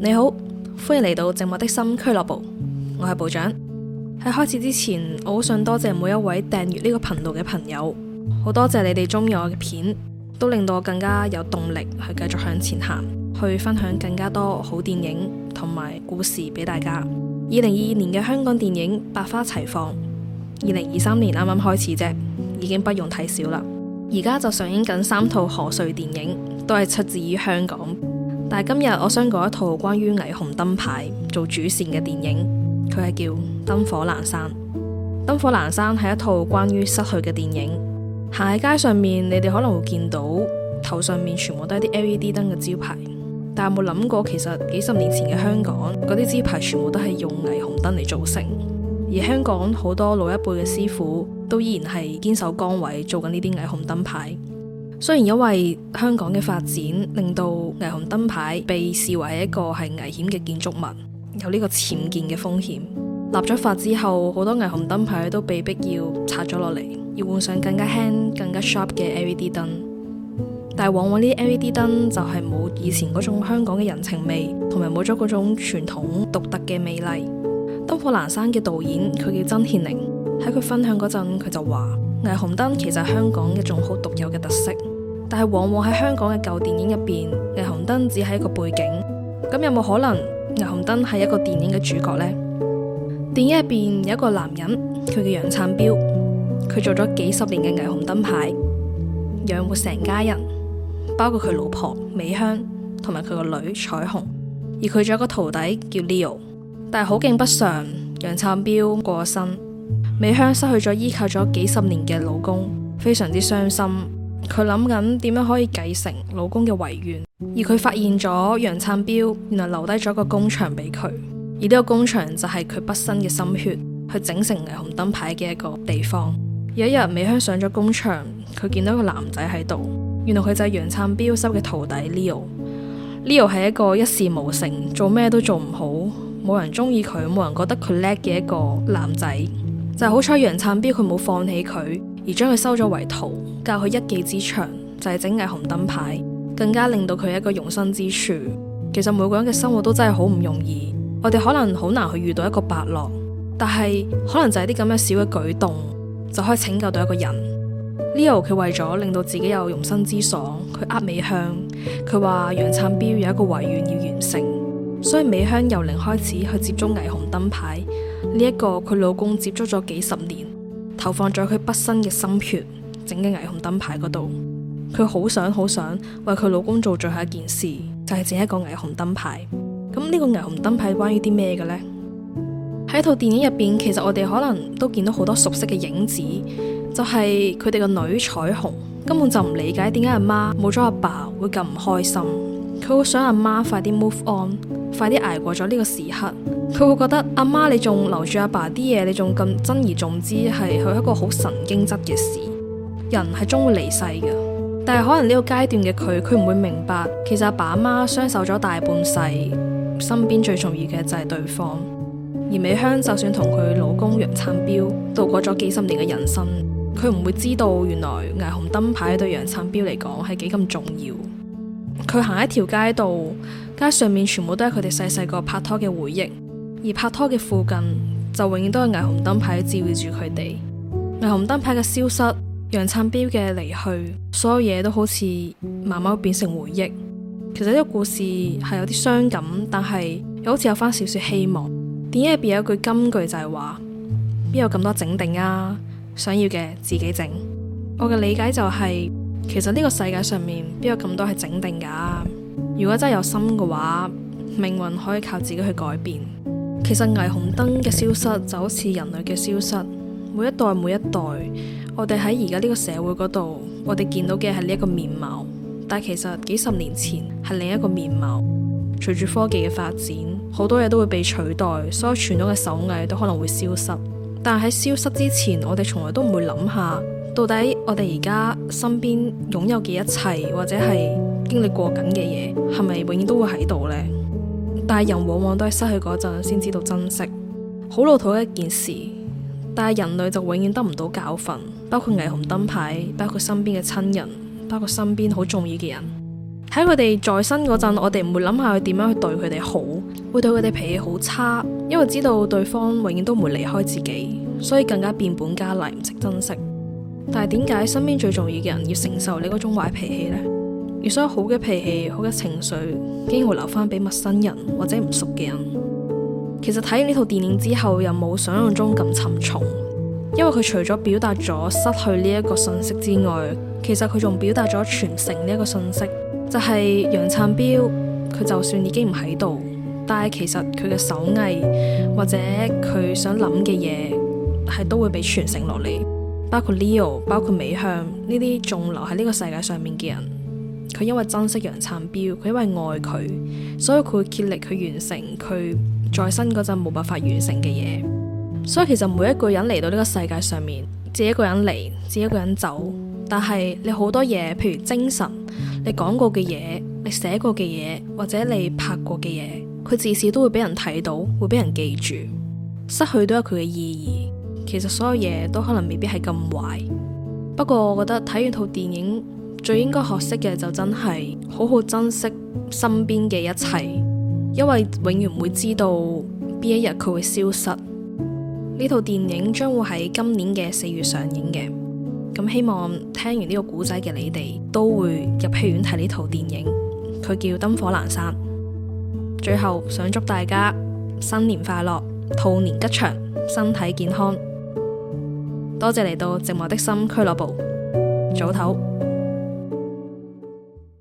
你好，歡迎嚟到寂寞的心俱樂部，我係部長。喺開始之前，我好想多謝每一位訂閱呢個頻道嘅朋友，好多謝你哋中意我嘅片，都令到我更加有動力去繼續向前行，去分享更加多好電影同埋故事俾大家。二零二二年嘅香港電影百花齊放，二零二三年啱啱開始啫，已經不用睇少啦。而家就上映緊三套賀歲電影，都係出自於香港。但今日我想講一套關於霓虹燈牌做主線嘅電影，佢係叫《燈火闌珊》。《燈火闌珊》係一套關於失去嘅電影。行喺街上面，你哋可能會見到頭上面全部都係啲 LED 燈嘅招牌。但有冇諗過？其實幾十年前嘅香港，嗰啲招牌全部都係用霓虹燈嚟做成。而香港好多老一輩嘅師傅，都依然係堅守崗位，做緊呢啲霓虹燈牌。雖然因為香港嘅發展，令到霓虹燈牌被視為一個係危險嘅建築物，有呢個僭建嘅風險。立咗法之後，好多霓虹燈牌都被迫要拆咗落嚟，要換上更加輕、更加 sharp 嘅 LED 燈。但往往呢啲 LED 燈就係冇以前嗰種香港嘅人情味，同埋冇咗嗰種傳統獨特嘅魅力。《燈火闌珊》嘅導演佢叫曾憲寧，喺佢分享嗰陣，佢就話霓虹燈其實係香港一種好獨有嘅特色。但係往往喺香港嘅舊電影入邊，霓虹燈只係一個背景。咁有冇可能霓虹燈係一個電影嘅主角呢？電影入邊有一個男人，佢叫楊燦標，佢做咗幾十年嘅霓虹燈牌，養活成家人，包括佢老婆美香同埋佢個女彩虹。而佢仲有個徒弟叫 Leo，但係好景不常，楊燦標過身，美香失去咗依靠咗幾十年嘅老公，非常之傷心。佢諗緊點樣可以繼承老公嘅遺願，而佢發現咗楊燦標原來留低咗個工場俾佢，而呢個工場就係佢畢生嘅心血，去整成霓虹燈牌嘅一個地方。有一日，美香上咗工場，佢見到個男仔喺度，原來佢就係楊燦標收嘅徒弟 Leo。Leo 係一個一事無成，做咩都做唔好，冇人中意佢，冇人覺得佢叻嘅一個男仔，就係好彩楊燦標佢冇放棄佢。而將佢收咗為徒，教佢一技之長就係整霓虹燈牌，更加令到佢一個容身之處。其實每個人嘅生活都真係好唔容易，我哋可能好難去遇到一個伯樂，但係可能就係啲咁樣小嘅舉動就可以拯救到一個人。Leo，佢為咗令到自己有容身之所，佢呃美香，佢話楊燦彪有一個遺願要完成，所以美香由零開始去接觸霓虹燈牌。呢、這、一個佢老公接觸咗幾十年。投放咗佢畢生嘅心血，整嘅霓虹燈牌嗰度，佢好想好想為佢老公做最後一件事，就係整一個霓虹燈牌。咁呢個霓虹燈牌係關於啲咩嘅呢？喺套電影入邊，其實我哋可能都見到好多熟悉嘅影子，就係佢哋個女彩虹根本就唔理解點解阿媽冇咗阿爸會咁唔開心。佢好想阿媽快啲 move on。快啲挨過咗呢個時刻，佢會覺得阿媽你仲留住阿爸啲嘢，你仲咁珍而重之，係佢一個好神經質嘅事。人係終會離世㗎，但係可能呢個階段嘅佢，佢唔會明白，其實阿爸阿媽相守咗大半世，身邊最重要嘅就係對方。而美香就算同佢老公楊燦標度過咗幾十年嘅人生，佢唔會知道原來霓虹燈牌對楊燦標嚟講係幾咁重要。佢行喺條街度，街上面全部都係佢哋細細個拍拖嘅回憶，而拍拖嘅附近就永遠都係霓虹燈牌照住佢哋。霓虹燈牌嘅消失，楊燦標嘅離去，所有嘢都好似慢慢變成回憶。其實呢個故事係有啲傷感，但係又好似有翻少少希望。電影入邊有一句金句就係話：邊有咁多整定啊？想要嘅自己整。我嘅理解就係。其實呢個世界上面邊有咁多係整定噶啊？如果真係有心嘅話，命運可以靠自己去改變。其實霓虹燈嘅消失就好似人類嘅消失，每一代每一代，我哋喺而家呢個社會嗰度，我哋見到嘅係呢一個面貌，但其實幾十年前係另一個面貌。隨住科技嘅發展，好多嘢都會被取代，所有傳統嘅手藝都可能會消失。但係喺消失之前，我哋從來都唔會諗下。到底我哋而家身邊擁有嘅一切，或者係經歷過緊嘅嘢，係咪永遠都會喺度呢？但係人往往都係失去嗰陣先知道珍惜，好老土嘅一件事。但係人類就永遠得唔到教訓，包括霓虹燈牌，包括身邊嘅親人，包括身邊好重要嘅人。喺佢哋在身嗰陣，我哋唔會諗下佢點樣去對佢哋好，會對佢哋脾氣好差，因為知道對方永遠都唔會離開自己，所以更加變本加厲，唔識珍惜。但係點解身邊最重要嘅人要承受你嗰種壞脾氣呢？而所有好嘅脾氣、好嘅情緒，竟然會留翻俾陌生人或者唔熟嘅人？其實睇完呢套電影之後，又冇想象中咁沉重。因為佢除咗表達咗失去呢一個信息之外，其實佢仲表達咗傳承呢一個信息，就係楊燦標，佢就算已經唔喺度，但係其實佢嘅手藝或者佢想諗嘅嘢，係都會被傳承落嚟。包括 Leo，包括美香呢啲仲留喺呢個世界上面嘅人，佢因為珍惜楊燦彪，佢因為愛佢，所以佢會竭力去完成佢在生嗰陣冇辦法完成嘅嘢。所以其實每一個人嚟到呢個世界上面，自己一個人嚟，自己一個人走，但係你好多嘢，譬如精神，你講過嘅嘢，你寫過嘅嘢，或者你拍過嘅嘢，佢至少都會俾人睇到，會俾人記住，失去都有佢嘅意義。其實所有嘢都可能未必係咁壞，不過我覺得睇完套電影最應該學識嘅就真係好好珍惜身邊嘅一切，因為永遠唔會知道邊一日佢會消失。呢套電影將會喺今年嘅四月上映嘅，咁希望聽完呢個古仔嘅你哋都會入戲院睇呢套電影，佢叫《燈火闌珊》。最後想祝大家新年快樂，兔年吉祥，身體健康。多謝嚟到寂寞的心俱樂部，早唞。